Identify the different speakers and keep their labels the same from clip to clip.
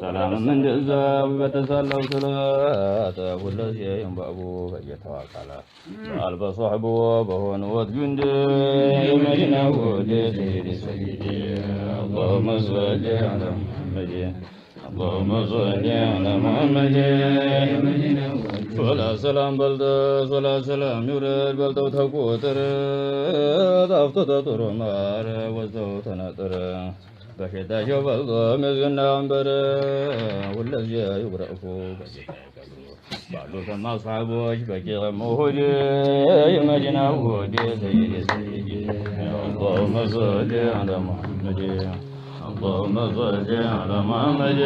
Speaker 1: ሰላምም እንደዛ በተሳለው ስላት ሁለዚህም በአቡ እየተዋቀለ አልበ ሶሕብዎ በሆንወት ግንድ የመዲና ወደ ሰይድ አላሁመ ሰሊ አላ ሙሐመድ اللهم صل على محمد ولا سلام بلدز ولا سلام يرد بلد وتقوتر دافت تطر مار وزوت نطر بشد شبل مزنا عنبر والذي يقرأ فوق بعد ثم أصحابه بكي غمه يمجنا ودي سيدي سيدي اللهم صل على محمد اللهم صل على محمد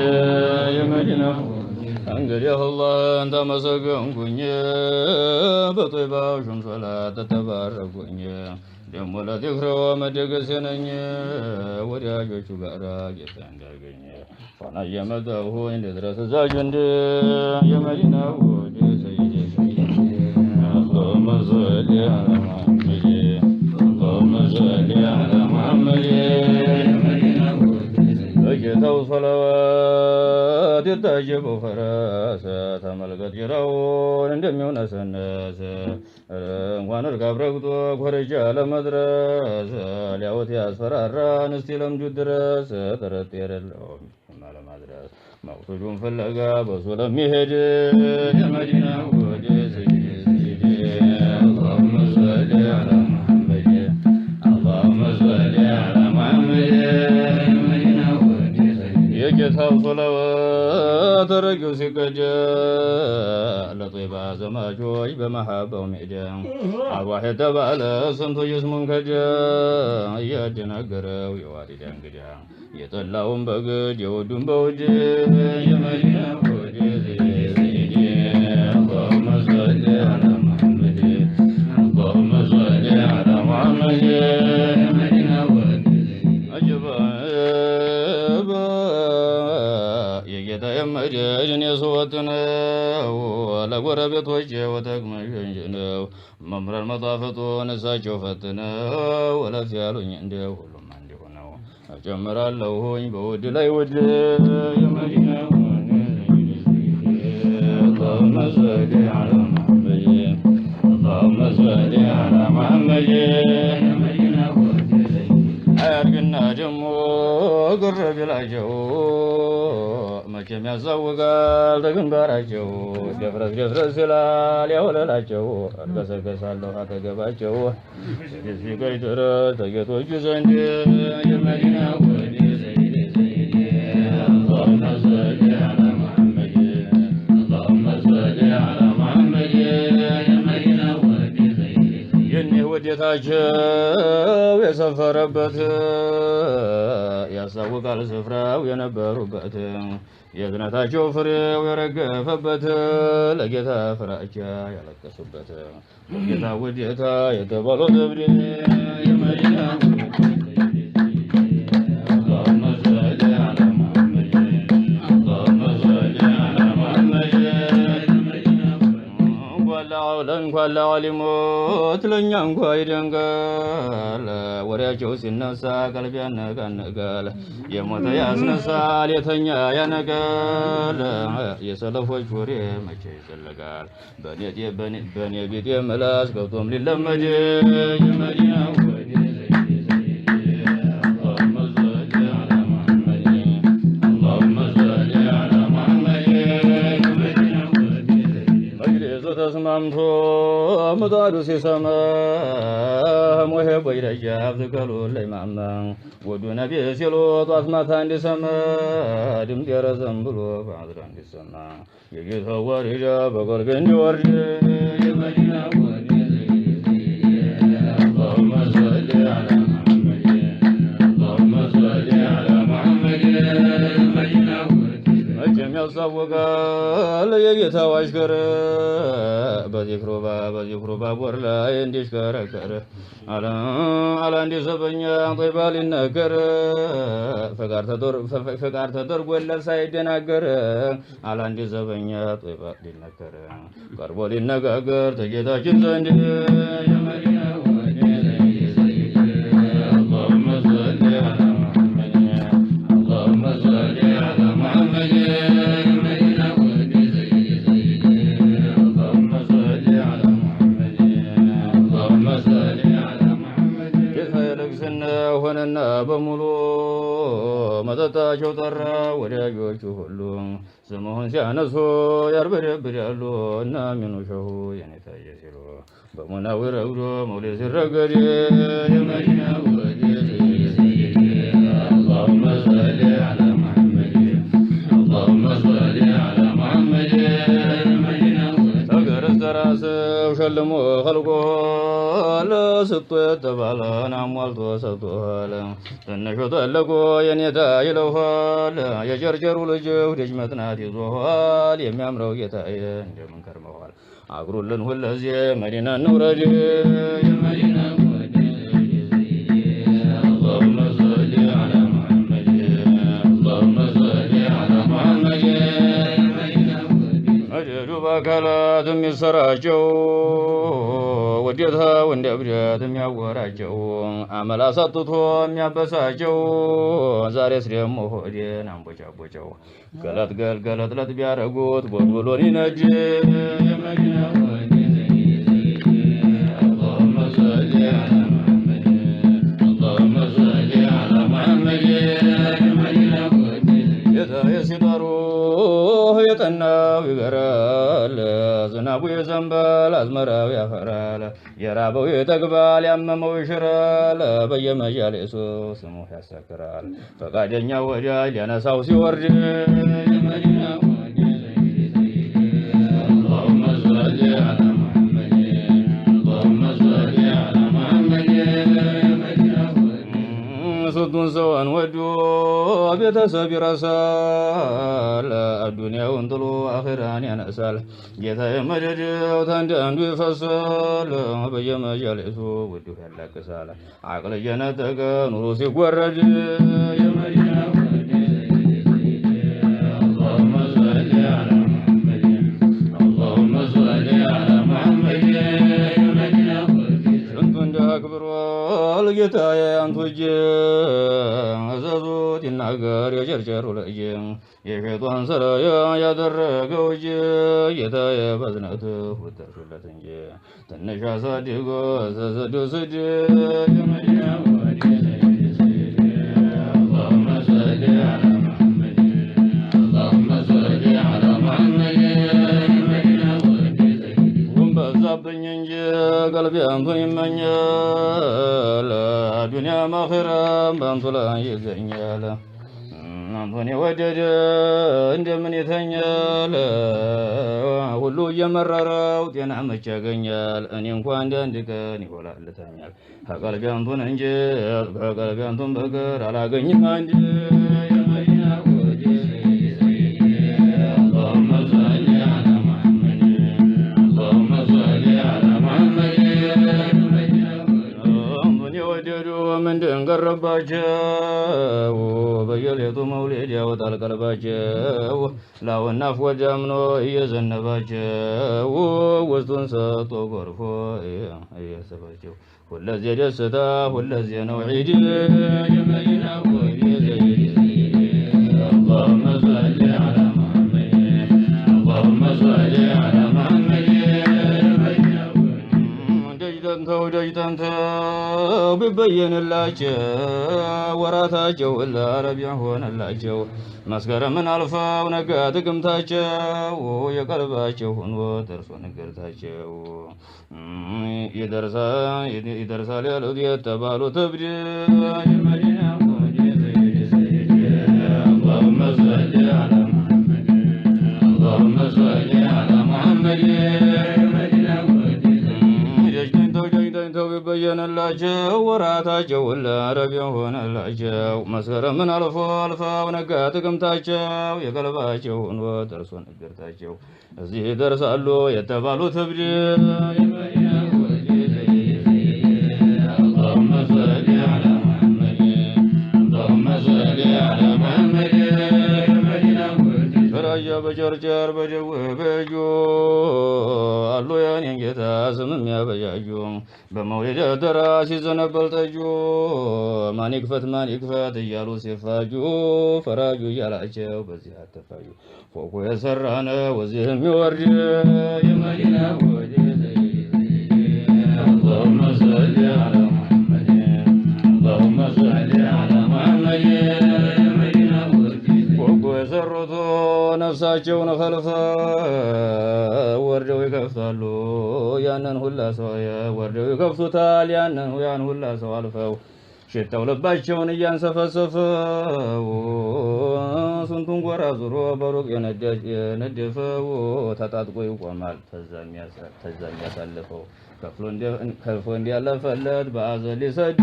Speaker 1: يمجنا እንግዲህ አላህን ተመሰገንኩኝ፣ በጦይባሹም ሶላት ተባረኩኝ። ደግሞ ለዚክረዋ መደገሴ ነኝ ወዳጆቹ ጋራ ጌታ እንዳገኘ ሆና እየመጣሁ እንድድረስ እዛች እንድ የመዲና ወደ ሰይዴ ሰይዴ አላሁመ ሰሊ አላ ሰለዋት የታጀበው ፈረሰ ተመልከት ጭራውን እንደሚሆነሰነሰ እንኳን እርካብ ረግጦ ኮረጃ ለመድረስ ሊያወት ያስፈራራን እስቲ ለምዱ ድረስ ጥረት የሌለውም ለማድረስ መቅሱጁን ፍለጋ በሱ ለሚሄድ የመዲና ወደ ተረጊው ሲቀጀ ለጦይባ ዘማቾች በመሃበው ሜደ አርዋህ የተባለ ስንቱ ይስሙን ከጀ እያደናገረው የዋሪዳ እንግዳ የጠላውን በግድ የወዱን በውድ የመዲና ወደ ዘይድ ورابط وجه وتقمع جنجنه ممر المطافط ونسى جوفتنه ولا فعل ينده كل ما عنده نو جمر الله يبود لا يود يا مدينة اللهم صل على محمد اللهم صل على محمد እና ደግሞ ግር ቢላቸው መቼም ያዛውጋል ተግንባራቸው ደፍረስ ደፍረስ ይላል ያወለላቸው አልገሰገሳለሁ አጠገባቸው የስፊቆች ድረስ ተጌቶቹ ዘንድ የመዲና ጌታቸው የሰፈረበት ያሳውቃል ስፍራው የነበሩበት የዝነታቸው ፍሬው የረገፈበት ለጌታ ፍራቻ ያለቀሱበት ጌታ ውዴታ የተባለው ዘብዴ የመዲና እንኳን ለዓሊሞት ለእኛ እንኳ ይደንቃል። ወሬያቸው ሲነሳ ቀልብ ያነቃንቃል። የሞተ ያስነሳል፣ የተኛ ያነቃል። የሰለፎች ወሬ መቼ ይዘለቃል? በኔ ቢጤ ምላስ ገብቶም ሊለመድ ይመድ ምጣዱ ሲሰማም ሞሄ ቆይ ደጃፍ ዝከሉ ለይማማ ወዱ ነቢ ሲሎ ጧት ማታ እንዲሰማ ድምጤ ረዘም ብሎ በአዝራ እንዲሰማ የጌታው ወሪጃ በቆልቤ እንዲወርድ የመዲና ወዲ اللهم صل على محمد اللهم صل ያስታውቃል የጌታው አሽከር በዚክሩባ በዚክሩባ ቦር ላይ ዘበኛ ተደርጎለት ዘበኛ ቀርቦ ሊነጋገር ተጌታችን ዘንድ የመዲና ሰዎቹ ሁሉ ስምሁን ሲያነሱ ያርበደብዳሉ እና ሚኑሸሁ የኔታየ ሲሉ በሙናዊ ረግዶ መውሌ ሲረገድ የመሽናው ሸልሞ ኸልቆ ለስጡ የተባለን አሟልቶ ሰጥቶሃል። ትንሹ ተለቆ የኔታ ይለውኋል። የጀርጀሩ ልጅ ውደጅ መጥናት ይዞኋል። የሚያምረው ጌታዬ እንደምን ከርመኋል። አግሩልን ሁለዚህ መዲና እንውረድ የመዲና ወደ በአካላት የሚሰራቸው ውዴታ ወንድ እብደት የሚያወራቸው አመል አሳጥቶ የሚያበሳቸው ዛሬስ ደግሞ ሆዴን አንቦጫቦጨው ገለጥ ገል ገለጥ ለጥ ቢያደረጉት ቦትብሎን ይነጅ የሲጠሩ የጠናው ይገራል፣ ዝናቡ ይዘንባል፣ አዝመራው ያፈራል፣ የራበው ይጠግባል፣ ያመመው ይሽራል፣ በየመጃሌሱ ስሙ ያሰክራል፣ ፈቃደኛ ወዳጅ ያነሳው ሲወርድ ቤተሰብ ይረሳል። አዱንያውን ጥሎ አኼራን ያነሳል። ጌታ የመደደው ታንድ አንዱ ይፈሳል። በየመጃሌሱ ውድፍ ያላቅሳል። አቅል እየነጠቀ ኑሮ ሲጓረድ የመዲና ጌታዬ አንቱ እጅ እዘዙት ይናገር የቸርቸሩ ለእጅ የሸጧን ስራ ያደረገው እጅ ጌታዬ በዝነትህ ውተሹለት እንጂ ትንሽ አሳድጎ ዘዘዱ ስድ የመያ ሆነብኝ እንጂ ቀልቤ አንቱ ይመኛል። ዱንያ ማኺራም በአንቱ ላይ ይገኛል። አንቱን የወደደ እንደምን ይተኛል? ሁሉ እየመረረው ጤና መቼ ያገኛል? እኔ እንኳ አንዳንድ ቀን ይሆናል ልተኛል ከቀልቤ አንቱን እንጂ ከቀልቤ አንቱን በቀር አላገኝም አንድ ምንድን ቀረባቸው? በየሌቱ መውሊድ ያወጣል ቀልባቸው። ላወናፍ ወዳምኖ እየዘነባቸው ውስጡን ሰጦ ጎርፎ እየሰባቸው ሁለዜ ደስታ ሁለዜ ነው ዒድ የመዲና ወይኔ ዘይድ اللهم صل على ተጠንተው ደጅ ቢበየንላቸው ወራታቸው ለአረቢያ ሆነላቸው መስከረምን አልፈው ነጋ ጥቅምታቸው የቀልባቸው ሆኖ ደርሶ ነገርታቸው ይደርሳል ያሉት የተባሉ ትብድ የመዲና በየነላቸው ወራታቸውን ለአረብ የሆነላቸው መስከረምን አልፎ አልፈው ነጋ ጥቅምታቸው የቀልባቸውን ሆኖ ደርሶ ነገርታቸው እዚህ ደርሳሉ የተባሉት እብድ በጨርጨር በደዌ በእጁ ጌታ ስም የሚያበጃጁ በመውሊድ ደራ ሲዘነበል ጠጁ ማን ይክፈት ማን ይክፈት እያሉ ሲፋጁ ፈራጁ እያላቸው በዚህ አተፋጁ ፎቁ የሰራነ ወዚህ የሚወርድ የመዲና ወዲ اللهم صل على محمد اللهم صل على ነፍሳቸውን ኸልፈው ወርደው ይከፍታሉ። ያንን ሁላ ሰው ወርደው ይከፍቱታል። ያንን ያን ሁላ ሰው አልፈው ሽታው ልባቸውን እያንሰፈሰፈው ስንቱን ጎራ ዙሮ በሩቅ የነደፈው ተጣጥቆ ይቆማል። ተዛ የሚያሳልፈው ከፍሎ እንዲያለፈለት በአዘን ሊሰድ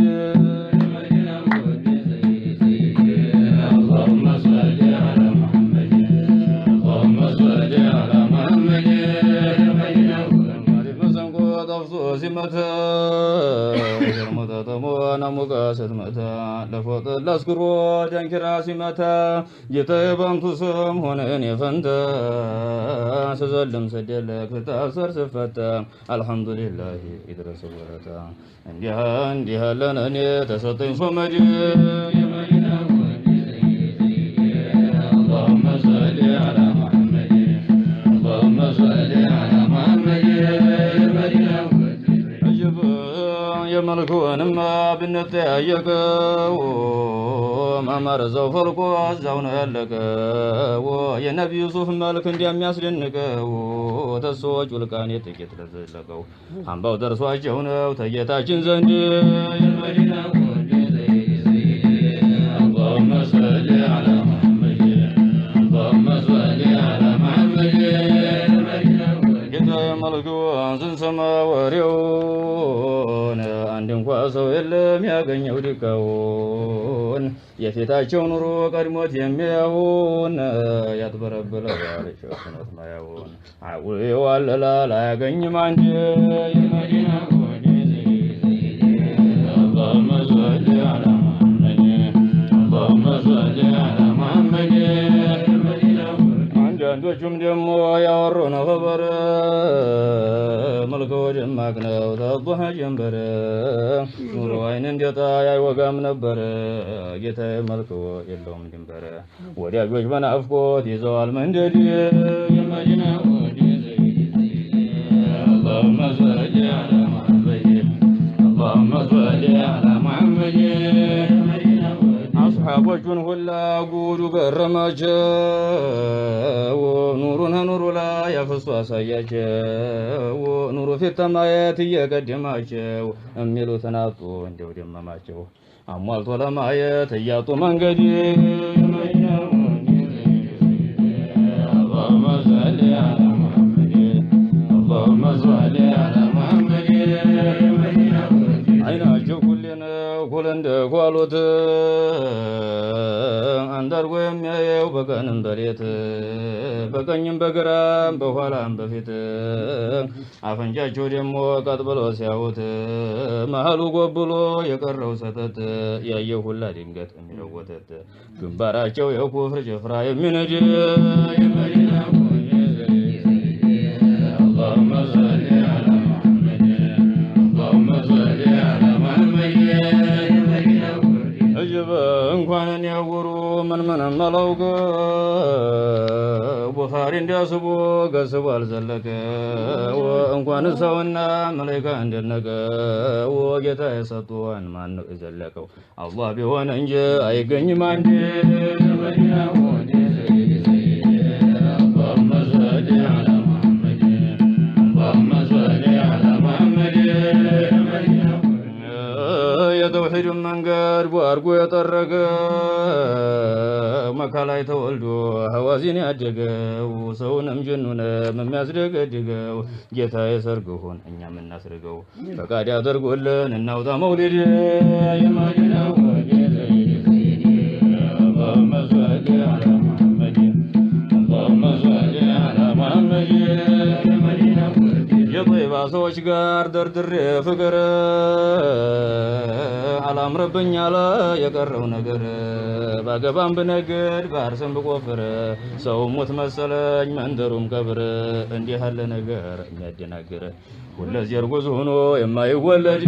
Speaker 1: ሙቀ ስትመተ ለፎጥ ላስክሮ ዳንኪራ ሲመታ ጌታዬ ባንቱ ስም ሆነ ፈንተ ስዘልም ስደለክ ስታሰር ስፈታ አልሐምዱሊላህ ይድረስ ወረታ እንዲህ እንዲህ እኔ ተሰጠኝ ሶመድ የመዲና ታሪኩንም ብንጠያየቀው መመረዘው ፈልቆ እዛው ነው ያለቀው። የነቢዩ ሱፍ መልክ እንደሚያስደንቀው ተሶች ውልቃኔ ጥቂት ለዘለቀው አምባው ደርሷቸው ነው ተጌታችን ዘንድ የመዲና ጌታ ሰማ ወሬው እንኳ ሰው የለም ያገኘው ድካውን የፊታቸው ኑሮ ቀድሞት የሚያውን ያትበረብለዋል ሸፍኖት ማያውን አውል ይዋልላል አያገኝም አንድ የመዲና ጎዴ አላማ አላማ አንዳንዶቹም ደግሞ ያወሩ ነው ኸበር መልከ ደማቅ ነው ተቦሀ ጀንበር ኑሮ አይን እንዲወጣ ያይወጋም ነበረ ጌታ መልክ የለውም ድንበር ወዳጆች በናፍቆት ይዘዋል መንደድ የመዲና እጆቹን ሁላ ጉዱ ገረማቸው። ኑሩን ኑሩ ላይ አፍሶ አሳያቸው። ኑሩ ፊት ተማየት እየቀደማቸው የሚሉትን አጡ እንደው ደመማቸው። አሟልቶ ለማየት እያጡ መንገድ አይናቸው ሁሌ ነው ሁለ እንደ ኳሉት ሰላም ጠርጎ የሚያየው በቀንም በሌት በቀኝም በግራም በኋላም በፊት አፈንጫቸው ደግሞ ቀጥ ብሎ ሲያዩት መሀሉ ጎብሎ የቀረው ሰተት ያየ ሁላ ድንገት የሚለው ወተት ግንባራቸው የኩፍር ጭፍራ የሚነድ የመዲና አላሁመ መለው ቡኻሪ እንዲያስቡ ገስቡ አልዘለቀ እንኳን ሰውና መላይካ እንደነቀ ጌታ የሰጡዋን ማን ነው የዘለቀው? አላህ ቢሆን እንጂ አይገኝም አንድ የተውሒድን መንገድ በአርጎ የጠረገ መካ ላይ ተወልዶ ሐዋዚን ያደገው ሰውንም ጅኑንም የሚያስደገድገው ጌታ የሰርገው ሆን እኛም እናስርገው ፈቃድ ያደርጎልን እናውጣ መውሊድ የማዲና ወጌ ከባሶች ጋር ደርድሬ ፍቅር አላምረብኝ አለ የቀረው ነገር ባገባም ብነግድ ባርስም ብቆፍር ሰው ሙት መሰለኝ መንደሩም ቀብር እንዲህ ያለ ነገር የሚያደናግር ሁለዚህ እርጉዝ ሆኖ የማይወለድ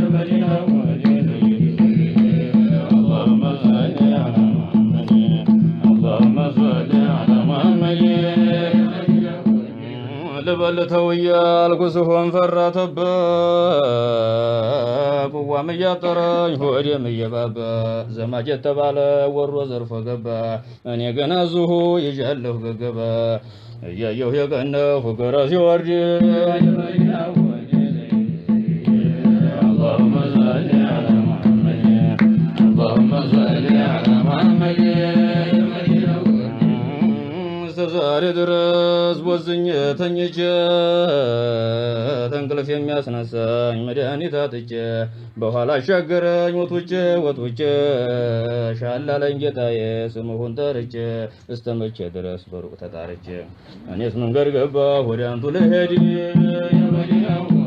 Speaker 1: የመዲናው በልተው እያልኩ ስሆን ፈራተበ ቁዋም እያጠረኝ ሆዴም እየባበ ዘማች የተባለ ወሮ ዘርፎ ገባ። እኔ ገና ዝሁ ይዣለሁ ገገባ እያየሁ የቀነሁ ገረ ሲወርድ ዛሬ ድረስ ወዝኝ ተኝቼ ተንቅልፍ የሚያስነሳኝ መድኃኒት አጥቼ በኋላ አሻገረኝ ወጡቼ ወጡቼ ሻላለኝ ጌታዬ ስምሁን ጠርቼ እስተመቼ ድረስ በሩቅ ተጣርቼ እኔስ መንገድ ገባ ወደ አንቱ ልሄድ የመዲናው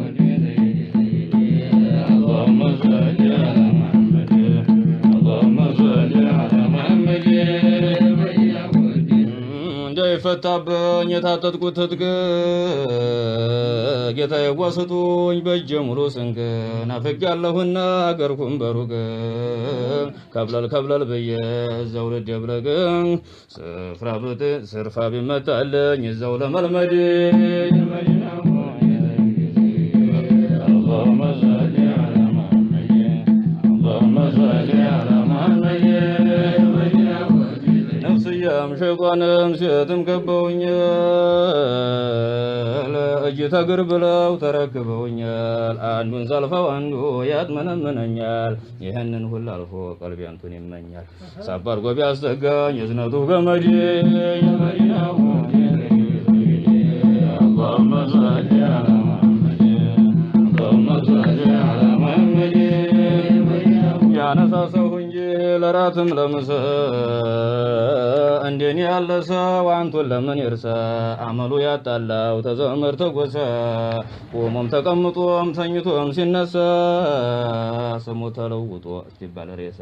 Speaker 1: ፈታብኝ የታጠጥቁ ትጥቅ ጌታዬ ዋስጡኝ በእጀ ሙሉ ስንቅ አገርኩም በሩቅ ከብለል ከብለል ብዬ ስፍራ ለመልመድ ሸይጣንም ሴትም ከበውኛል። እጅ ተግር ብለው ተረክበውኛል። አንዱን ሰልፈው አንዱ ያጥመነምነኛል። ይህንን ሁሉ አልፎ ቀልቤ አንቱን ይመኛል። ሳባር ጎቢ አስጠጋኝ የዝነቱ ገመዴ ያነሳሰው ለራትም ለምሳ እንደኔ ያለ ሰው አንቱን ለምን ይርሳ? አመሉ ያጣላው ተዘመር ተጎሳ ቆሞም ተቀምጦም ተኝቶም ሲነሳ ስሙ ተለውጦ ሲባል ሬሳ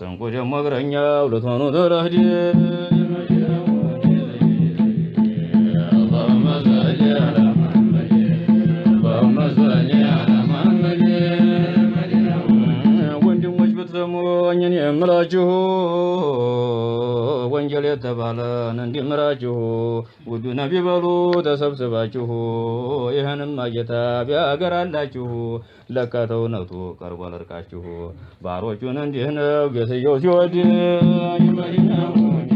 Speaker 1: ስንቁ ደግሞ እግረኛው ልትሆኑ ትረህድ የተባለ እንዲምራችሁ ውዱነ ቢበሉ ተሰብስባችሁ ይህንም አጌታ አላችሁ ለካ ተውነቱ ቀርቦ ለርቃችሁ ባሮቹን እንዲህ ነው ገሰየው ሲወድ ይመሪናሁ